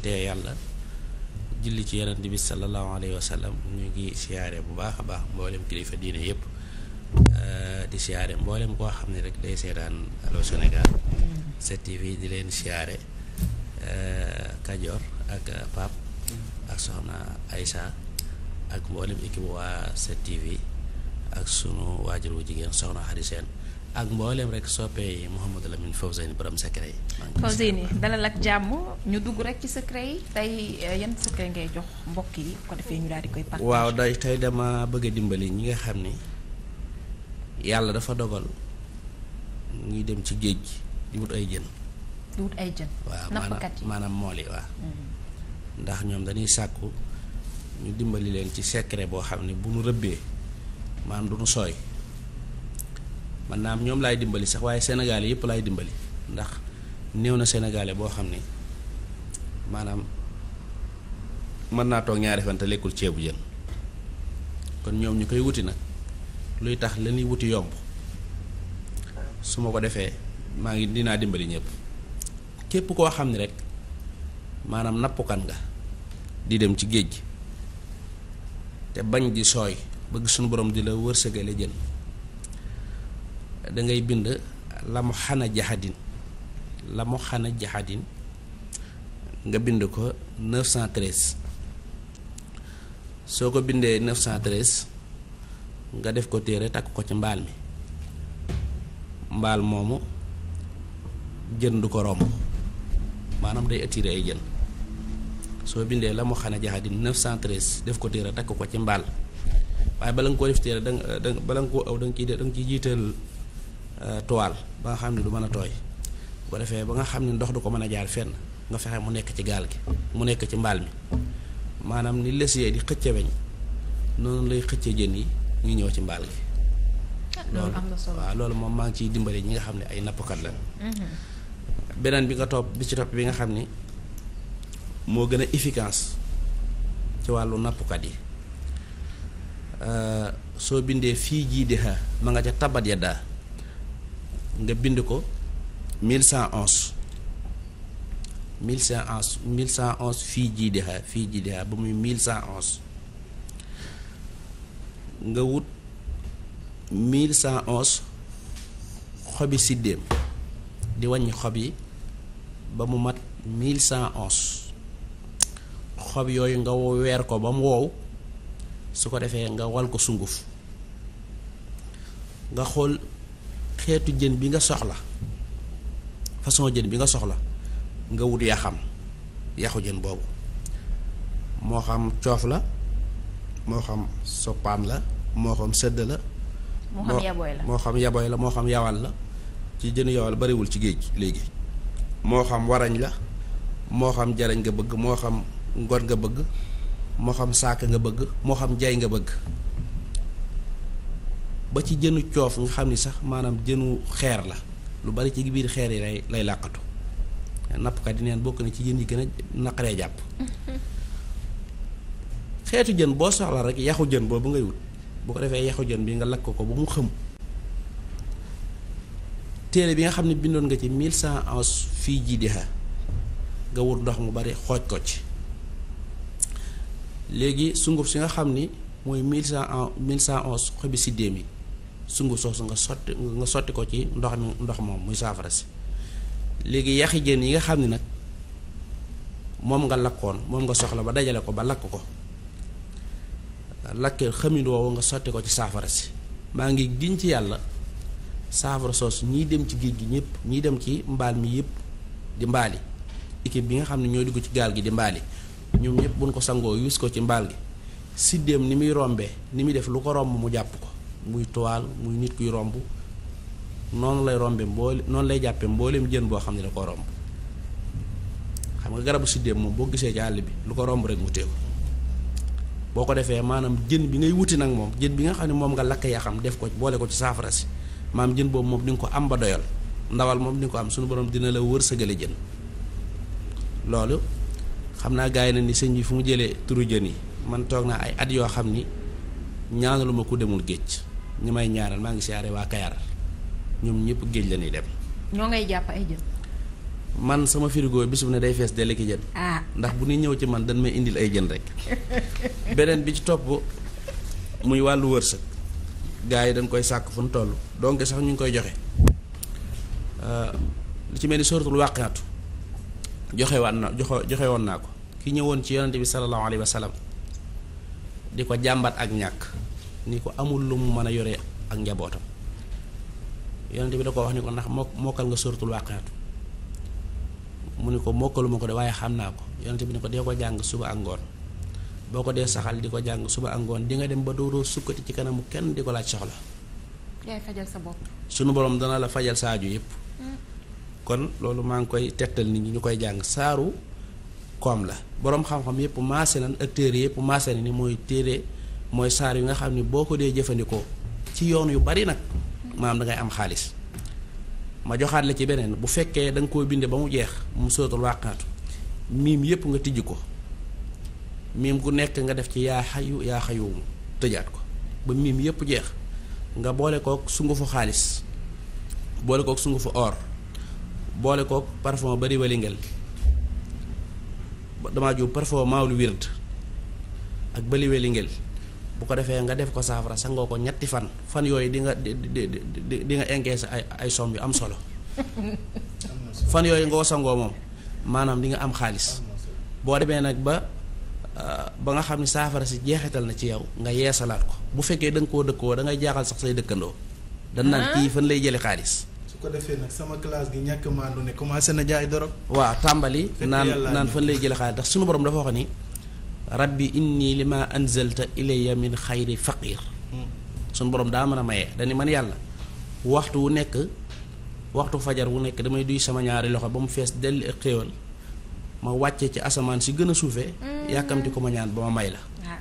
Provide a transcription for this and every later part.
te yàlla julli ci yonent bi sallallahu alayhi wa sallam ñu ngi siyaare bu baax a baax mboolem kilifa diine yëpp euh, di siyaare mboolem koo xam ne rek day seetaan Allô Sénégal 7TV di leen siyaare euh, Kajoor ak Pape ak soxna Aïssa ak mboolem équipe waa 7TV ak sunu waajur wu jigéen soxna Xari ak mbooleem rek soppee Mouhamadou Lamine Fawzeyni borom secret yi. Fawzeyni dalal ak jàmm ñu dugg rek ci secret yi tey eh, yan secret ngay jox mbokk yi ko defee ñu daal di koy. partage waaw day tey dama bëgg a dimbali ñi nga xam ni yàlla dafa dogal ñuy dem ci géej gi di wut ay jën. di ay jën. nappkat yi waaw maanaam mool yi waaw. Mm-hmm. ndax ñoom dañuy sàkku ñu dimbali leen ci secret boo xam ne bu nu rëbbee maanaam du nu sooy. man am ñoom laay dimbali sax waaye sénégalais yëpp laay dimbali ndax néew na sénégalais boo xam ne maanaam mën naa toog ñaari fan lekkul ceebu jën kon ñoom ñu koy wuti nag luy tax la ñuy wuti yomb su ma ko defee maa ngi dinaa dimbali ñëpp képp koo xam ne rek maanaam nappukan nga di dem ci géej gi te bañ di sooy bëgg suñu borom di la wër wërsëgale jën dangay bind la mu xana jaxadin la mu xana jaxadin nga bind ko 913 soo ko bindee 913 nga def ko téere takk ko ci mbaal mi mbaal moomu jën du ko romb maanaam day attiré ay jën soo bindee la mu xana jaxadin 913 def ko téere takk ko ci mbaal waaye bala nga koo def téere da nga bala nga koo aw da nga ciy da nga jiital Euh, toile ba nga xam ne du mën a tooy bu defee ba nga xam ne ndox du ko mën a jaar fenn nga fexe mu nekk ci gaal gi mu nekk ci mbaal mi maanaam ni lessier di xëcce weñ noonu lay xëcce jën yi ñu ñëw ci mbaal gi ah, loolu am loolu moom maa ngi ciy dimbali ñi nga xam ne ay nappkat la mm-hmm. beneen bi nga topp bi ci topp bi nga xam ni moo gën a efficace ci wàllu nappkat yi euh, soo bindee fii jii di ma nga ca tabat ya nga bind ko mille cent onze mille cent onze mille cent onze fii jiidiha fii jiidiha ba muy mille cent onze nga wut mille cent onze xobi siddéem di wàññi xob yi ba mu mat mille cent onze xob yooyu nga weer ko ba mu wow su ko defee nga wal ko sunguf nga xool xeetu jën bi nga soxla façon jën bi nga soxla nga wut xam yaxu jën boobu moo xam coof la moo xam soppaan la moo xam sëdd la moo xam yaboy la moo xam yawal la ci jën yawal bariwul ci géej léegi moo xam warañ la moo xam jarañ nga bëgg moo xam ngon nga bëgg moo xam saaka nga bëgg moo xam jaay nga bëgg ba ci jënu coof nga xam ni sax maanaam jënu xeer la lu bari ci biir xeer yi lay lay làqatu nappkat di neen bokk na ci jën yi gën a naqaree jàpp xeetu jën boo soxla rek yaxu jën boobu ngay wut boo ko defee yaxu jën bi nga lakk ko ba mu xëm téere bi nga xam ne bindoon nga ci mille cent onze fii jiidiha nga wut ndox mu bari xooj ko ci léegi sunguf si nga xam ni mooy mille cent onze mille cent onze xobi siddéem yi sungu soosu nga sotti nga sotti ko ci ndox mi ndox moom muy saafara si léegi yaxi jën yi nga xam ni nag moom nga lakkoon moom nga soxla ba dajale ko ba lakk ko lakke xamit woowu nga sotti ko ci saafara si maa ngi giñ ci yàlla saafara soosu ñiy dem ci géej gi ñëpp ñiy dem ci mbaal mi yëpp di mbaali équipe bi nga xam ne ñoo dugg ci gaal gi di mbaali ñoom ñëpp buñ ko sangoo yuus ko ci mbaal gi siddéem ni muy rombee ni muy def lu ko romb mu jàpp ko muy toile muy nit kuy romb noonu lay rombe mboole noonu lay jàppe mbooleem jën boo xam ne da ko romb xam nga garabu siddéem moom boo gisee jàll bi lu ko romb rek mu téeku boo ko defee maanaam jën bi ngay wuti nag moom jën bi nga xam ne moom nga lakk yaa xam def ko boole ko ci saafara si maam jën boobu moom di nga ko am ba doyal ndawal moom di ko am suñu borom dina la wër wërsëgale jën loolu xam naa gars yi na ni sëñ bi fu mu jëlee turu jën yi man toog naa ay at yoo xam ni ñaanaluma ku demul géej ñu may ñaanal maa ngi siyaare waa Kayar ñoom ñëpp géej la ñuy dem. ñoo ngay jàpp man sama firigo bi su ne day fees dell ki jën. Ah. ndax bu ñuy ñëw ci man dañ may indil ay jën rek. beneen bi ci topp muy wàllu wërsëg. gars yi dañ koy sàkk fu mu toll donc sax ñu ngi koy joxe euh, li ci mel ni suratul waqiatu joxe waat na joxo joxe woon naa ko ki ñëwoon ci yonante bi sallallahu alayhi wa sallam di ko jàmbat ak ñàkk. ni ko amul lu mu mën a yore ak njabootam yonent bi da ko wax ni ko ndax moo mokkal nga suratul waqiatu mu ni ko mokkaluma ko de waaye xam naa ko yonent bi ni ko dee ko jàng suba ak ngoon boo ko dee saxal di ko jàng suba ak ngoon di nga dem ba dooroo sukkati ci kanamu kenn di ko laaj soxla. sa bopp. sunu borom dana la fajal saaju yëpp. Mm. kon loolu maa ngi koy tegtal nit ñi ñu koy jàng saaru koom la boroom xam-xam yëpp maase nan acteurs yëpp maase na ni mooy téere. mooy saar yu nga xam ni boo ko dee jëfandikoo ci yoon yu bari nag maam dangay am xaalis ma joxaat la ci beneen bu fekkee danga ko koo binde ba mu jeex mu sootul wàqaatu miim yépp nga tijj ko miim gu nekk nga def ci yaa xayu yaa tëjaat ko ba miim yépp jeex nga boole kook sungufu xaalis boole kook sungufu or boole kook parfum bari walingel damaa jub parfum maawlu wird ak bali welingel bu ko defee nga def ko saafara sangoo ko ñetti fan fan yooyu dinga nga di di di ay ay somme yu am solo fan yooyu nga sangoo moom maanaam di nga am xaalis boo demee nag ba euh, ba nga xam ni saafara si jeexital na ci yow nga yeesalaat ko bu fekkee da nga koo dëkkoo da ngay jaaxal sax say dëkkandoo dan naan ah. kii fan lay jële xaalis su ko defee sama classe gi ñàkk maandu ne commencé na jaay dorog waaw tàmbali naan naan fan lay jële xaalis ndax suñu borom dafa wax ni rabbi inni li ma anzalta ilayya min xayri faqir suñ borom daa mën a maye dañu man yàlla waxtu wu nekk waxtu fajar wu nekk damay duy sama ñaari loxo ba mu fees dell ak xéewal ma wàcce ci asamaan si gën a suufee mm. yàkkamti ko ma ñaan ba ma may la ah.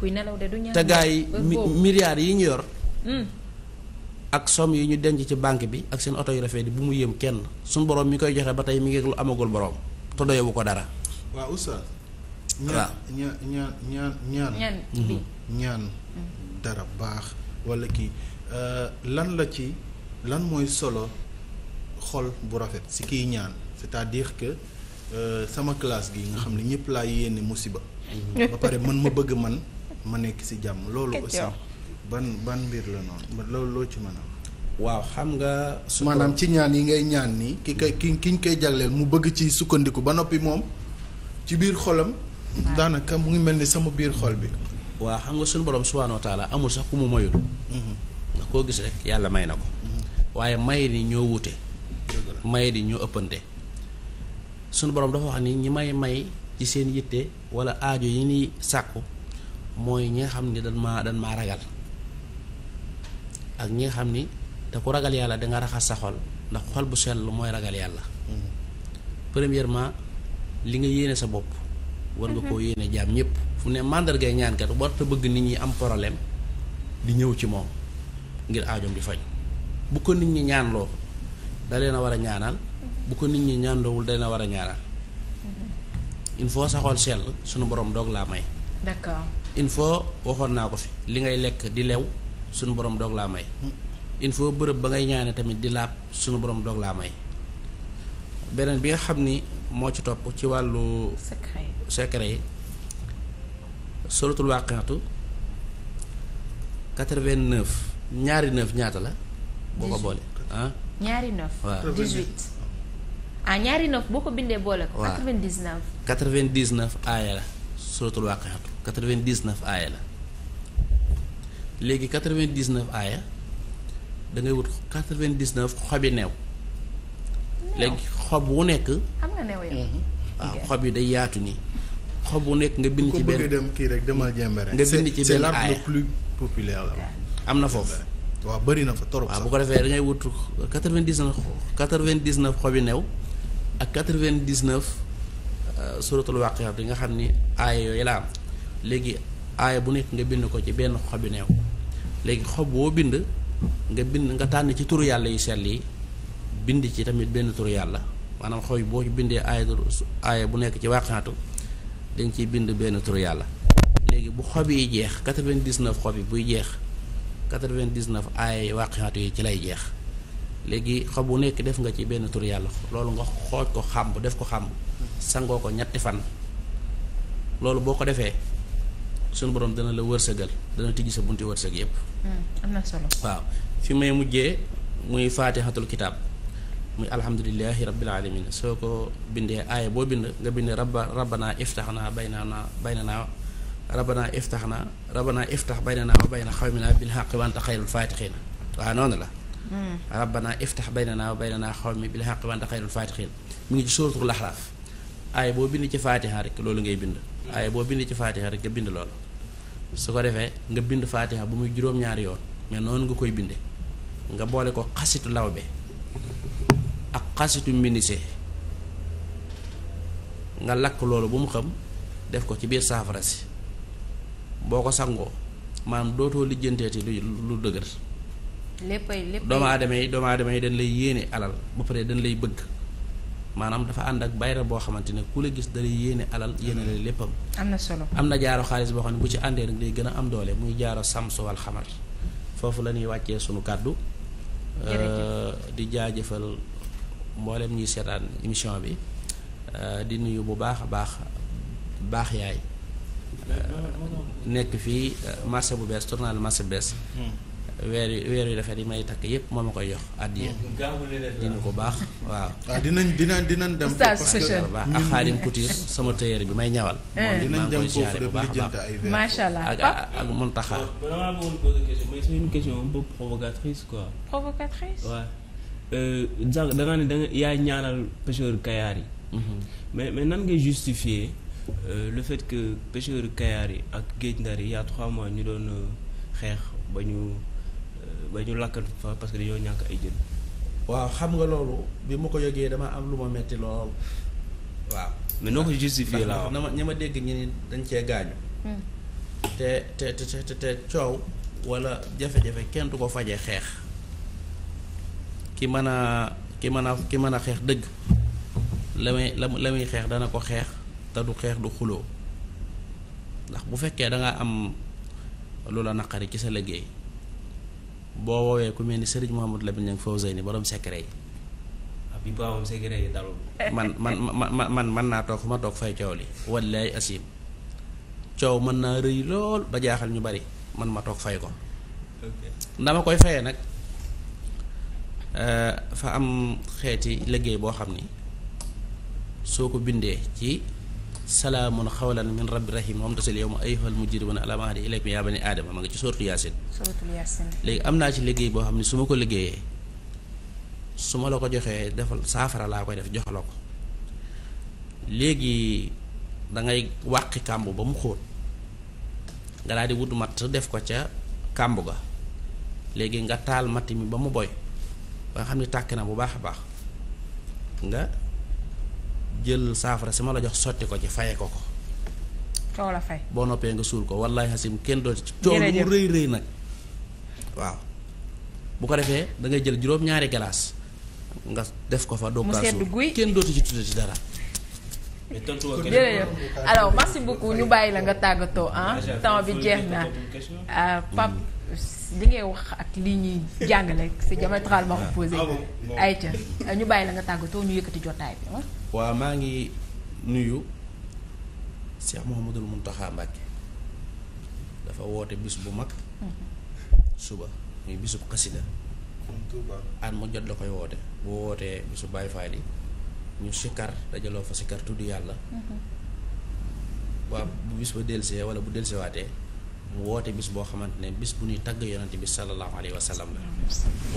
kuy nelaw de du yi milliards yi ñu yor mm. ak somme yi ñu denc ci banque bi ak seen oto yu rafet bi mu yem kenn suñ borom mi koy joxe ba tey mi ngi lu amagul borom te doyewu ko dara waaw oustaz. waaw ñaan ñaan ñaan ñaan ñaan. Mhm. Mhm. dara baax walla kii euh, lan la ci lan mooy solo xol bu rafet si kiy ñaan c'est-à-dire que euh, sama classe gi nga xam ne ñëpp laa yéene musiba. Mhm. ba pare man ma bëgg man ma nekk si jàmm. loolu aussi ban ban mbir la noonu loolu loo ci mën a. waaw xam nga. maanaam ci ñaan yi ngay ñaan nii ki koy ki ki ñu koy jagleel mu bëgg ci sukkandiku ba noppi moom. ci biir xolam daanaka mu ngi mel ni sama biir xol bi waa xam nga suñu borom subhaanahu wa taala amul sax ku mu mayul mhm. ndax koo gis rek yàlla may na ko mhm. waaye may ni ñoo wute may ni ñoo ëppande suñu borom dafa wax nii ñi may may ci seen yitte wala aajo yi ñuy sàkku mooy ñi nga xam ni dan maa dan maa ragal ak ñi nga xam ni te ku ragal yàlla danga raxas sa xol ndax xol bu sell mooy ragal yàlla mhm. premièrement li nga yéene sa bopp war nga koo yéene jaam ñëpp fu ne màndargay ñaankat war te bëgg nit ñi am problème di ñëw ci moom ngir aajoom di faj bu ko nit ñi ñaanloo da na war a ñaanal bu ko nit ñi ñaanloowul da leen war a ñaanal il faut sa xol sell sunu borom doog laa may. d'accord il faut waxoon naa ko fi li ngay lekk di lew sunu borom doog laa may. il faut bërëb ba ngay ñaane tamit di laab sunu borom doog laa may. beneen bi nga xam ni moo ci topp ci wàllu secret yi suratul waqiatu quatre-vingt-neuf ñaari neuf ñaata la boo ko boole ah ñaari neuf ah, ñaari neuf boo ko bindee boole ko quatre-vingt-dix-neuf quatre vingt aaya la suratul waqiatu quatre-vingt-dix-neuf aaya la léegi quatre-vingt-dix-neuf aaya da wut quatre-vingt-dix-neuf xobi neew léegi xob wu nekk. xam waaw mhm. ah, xob yi day yaatu nii. xob wu nekk nga bind ci benn kii rek demal jembere. nga bind ci benn aaya c'est la. am na foofu. waaw bëri na fa torop sax ko defee da wut quatre-vingt-dix-neuf quatre-vingt-dix-neuf xobi new ak quatre-vingt-dix-neuf euh, nga xam ni aaya yooyu léegi bu nekk nga bind ko ci benn xobi new léegi xob woo bind nga bind nga tànn ci turu yàlla yu sell yi. bind ci tamit benn tur yàlla maanaam xoy boo ci bindee aaya aaya bu nekk ci wàqnaatu dañ ciy bind benn tur yàlla léegi bu xob yi jeex quatre vingt dix xob yi buy jeex quatre-vingt-dix-neuf aaya yi ci lay jeex léegi xob bu nekk def nga ci benn tur yàlla loolu nga xooj ko xàmb def ko xàmb sangoo ko ñetti fan loolu boo ko defee suñu borom dana la wërsëgal dana tijji sa bunti wërsëg yépp hmm, am na solo waaw fi may mujjee muy faatixatul kitaab muy alhamdulilahi rabbil alamin soo ko bindee aaya boo bind nga bind rabba rabbana iftax naa baynana baynana rabbana iftax naa rabbana iftax baynana wa bayna xawmina bil xaqi wa anta xayrul faatixin waaw noonu la hmm. rabbana iftax baynana wa baynana xawmi bil xaqi wa anta xayrul faatixin mu ngi ci sóoratul laxraaf aaya boo bind ci faatixa rek loolu ngay bind aaya boo bind ci faatixa rek nga bind loolu su ko defee nga bind faatixa bu muy juróom-ñaari yoon mais noonu nga koy binde nga boole ko xasitu lawbe xasitu menuisier nga lakk loolu bu mu xam def ko ci biir saafara si boo ko sangoo maanaam dootoo lijjanteeti lu lu dëgër. léppay léppay doomu aadama yi doomu aadama yi dañ lay yéene alal ba paree dañ lay bëgg. maanaam dafa ànd ak bayra boo xamante ne ku la gis dalay yéene alal yéene la léppam. am na solo am na jaaro xaalis boo xam ne bu ci àndee nag day gën a am doole muy jaaro samsu wal xamar foofu la ñuy wàccee sunu kàddu. Euh, di jaajëfal mboolem ñuy seetaan émission bi euh, di nuyu bu baax a baax baax yaay euh, nekk fii euh, marché bu bees tournal marché bu bees hmm. weer yi weer yi dafa di may takk yëpp moom hmm. a koy yox àddiya dina ko baax waaw ah, dinañ dinañ dinañ dem parce que baax ak xaalim couture sama tailleur bi may ñawal hmm. moom dinañ dem ak ak Muntaxa provocatrice quoi provocatrice sax euh, da nga ne da nga yaay ñaanal pêcheur kayaar yi. Mhm. mais mais nan ngay justifier euh, le fait que pêcheur kayaar yi ak géej ndar yi y' trois mois ñu doon euh, xeex ba ñu euh, ba ñu lakkat parce que dañoo ñàkk ay jën. waaw xam nga loolu bi ma ko yëgee dama am lu ma metti lool waaw. mais noo ko justifier la na ma ña ma dégg ñi ni dañ cee gaañu. Hmm. te te te te coow wala jafe-jafe kenn du ko fajee xeex. ki man a ki man a ki mën a xeex dëgg la muy la muy xeex dana ko xeex te du xeex du xuloo ndax bu fekkee da nga am lu la naqari ci sa liggéey boo woowee ku mel ni sëriñ Mouhamadou Lamine la bi borom secret yi. bi baaxul secret yi man man man man mën naa toog fu ma toog fay coow li. wallaay asim coow mën naa rëy lool ba jaaxal ñu bari man ma toog fay ko. dama koy fayee nag. Euh, fa am xeeti liggéey boo xam ni soo ko bindee ci salaamun xawlan min rabbi rahim moom tasal yow ma ayyuhal mujrimuuna alaa maa ahada ilaykum yaa banii aadama ma nga ci sóoratu yaasin léegi am naa ci liggéey boo xam ne su ma ko liggéeyee su ma la ko joxee defal saafara laa koy def jox la ko léegi dangay wàqi kàmb ba mu xóot nga daal di wut matt def ko ca kàmb ga léegi nga taal matt mi ba mu boy ba xam ne tàkk na bu baax a baax nga jël saafara si ma la jox sotti ko ci fayee ko ko. kaw la fay boo noppee nga suul ko wallahi xasim kenn doo ci coono mu rëy rëy nag waaw bu ko defee da ngay jël juróom-ñaari galaas nga def ko fa doo kaa suul kenn dootu ci tudde dara jërëjëf alors merci beaucoup ñu bàyyi la nga tàggatoo ah temps bi jeex na ah Pape li ngay wax ak lii ñuy jàngale c'est diamétralement ay ayca ah, ah ñu bàyyi la nga tàggatoo ñu yëkkati jotaay bi waaw maa ngi nuyu Cheikh Mouhamadul Mountakha Mbacké dafa woote bis bu mag mhm. suba muy bisub xasida an mu jot la koy woote bu wootee bisu Baye yi ñu sikar dajaloo fa sikar tudd yàlla mhm. waa bu bis ba delsee wala bu delsewaatee mu woote bis boo xamante ne bis bu ñuy tagg yonante bi sallallahu alayhi wa sallam la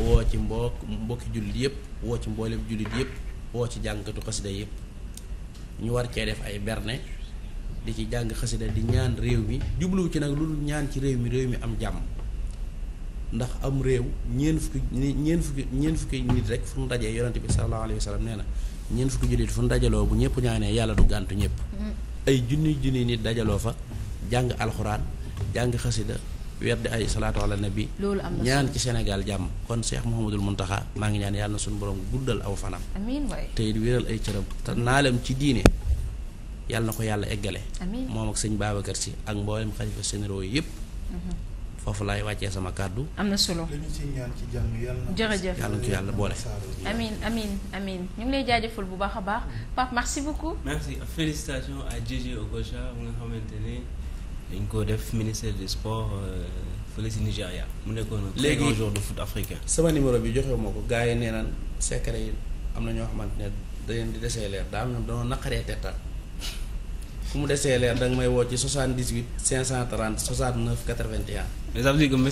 woo ci mbokk mbokki jullit yëpp woo ci mboolem jullit yëpp woo ci jàngkatu xasida yëpp ñu war cee def ay berne di ci jàng xasida di ñaan réew mi jubluwu ci nag lu ñaan ci réew mi réew mi am jàmm ndax am réew ñeen fukki ñeen fukki ñeen fukki nit rek fu mu dajee yonent bi sallallahu alayhi wa sallam na ñeen fukki fu mu dajaloo bu ñëpp ñaanee yàlla du gàntu ñëpp mm-hmm. ay junni junni nit dajaloo fa jàng alxuraan jàng xasida weer di ay salaatu ala nabi ñaan ci Sénégal jàmm kon Cheikh Mouhamadul taxaa maa ngi ñaan yàlla suñ suñu borom guddal aw fanam te it wéral ay cëram naalem ci diine yàlla na ko yàlla eggale moom ak sëñ Babacar si ak mboolem xalifa généraux yépp mm-hmm. foofu laay wàccee sama kàddu. am na solo li ñu ci ñaan ci jàmm yàlla na. jërëjëf yàlla na ci boole. amiin amiin amiin ñu ngi lay jaajëfal bu baax a baax Pape merci beaucoup. merci félicitations à Dj Okocha mu nga xamante ne dañ ko def ministère des sports euh, fële si Nigéria mu nekkoon. léegi un jour de foot africain. sama numéro bi joxe moo ko gars yi nee naan secret yi am na ñoo xamante ne da di desee leer daal ñoom dañoo naqaree tettal. fu mu desee leer da nga may woo ci 78 530 69 81. mais ça veut dire que ma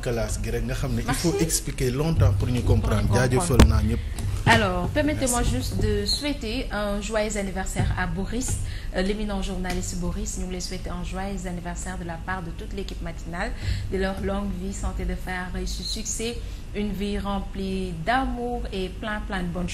classe gi nga xam ne il faut expliquer longtemps pour ñu comprendre jaajëfal naa ñëpp. alors permettez-moi juste de souhaiter un joyeux anniversaire à Boris euh, l'éminent journaliste Boris ñu ngi souhaiter un joyeux anniversaire de la part de toute l'équipe matinale de leur longue vie santé de fer succès. une vie remplie d'amour et plein plein de bonnes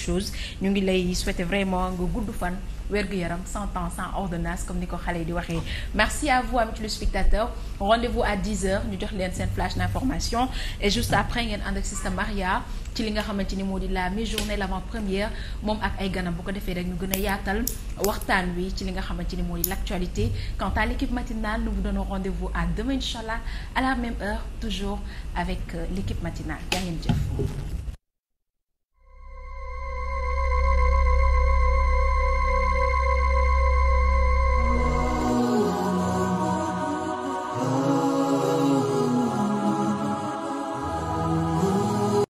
ñu ngi lay souhaiter vraiment nga gudd fan wérgu yaram sans temps sans ordonnance comme ni ko xale yi di waxee merci à vous amis téléspectateurs rendez-vous à 10 ñu jox leen seen flash d'information et juste après ngeen ànd ak système Maria ci li nga xamante ni moo di la mi-journée l'avant-première moom ak ay ganam bu ko defee rek ñu gën a yaatal waxtaan wi ci li nga xamante ni moo di l'actualité quant à l'équipe matinale nous vous donnons rendez-vous ngeen jëf